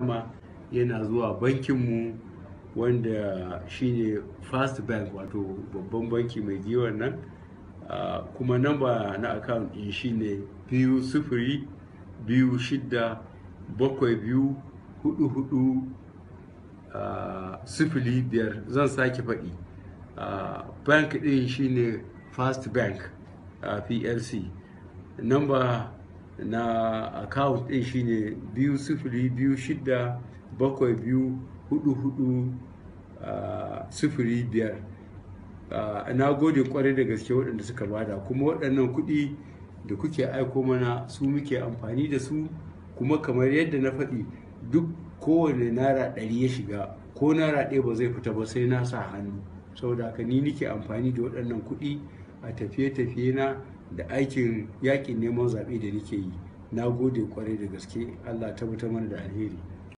ma yana zuwa bankinmu wanda shine first bank wato babban banki mai giwan nan ah, kuma namba na account din shine biyu sufuri biyu shidda bakwai biyu hudu hudu ah, sifili biyar zan sake faɗi ah, bank din shine first bank plc namba na account din shine biyu sifili biyu shida bakwai biyu hudu biyar na gode kwarai da gaske waɗanda suka bada kuma waɗannan kuɗi da kuke aiko mana su muke amfani da su kuma kamar yadda na faɗi duk kowane naira ɗari ya shiga ko naira ɗaya ba zai fita ba sai na sa hannu saboda haka ni nike amfani da waɗannan kuɗi a tafiye-tafiye na da aikin yakin neman zaɓe da nake yi na gode kwarai da gaske allah tabbatar mana da alheri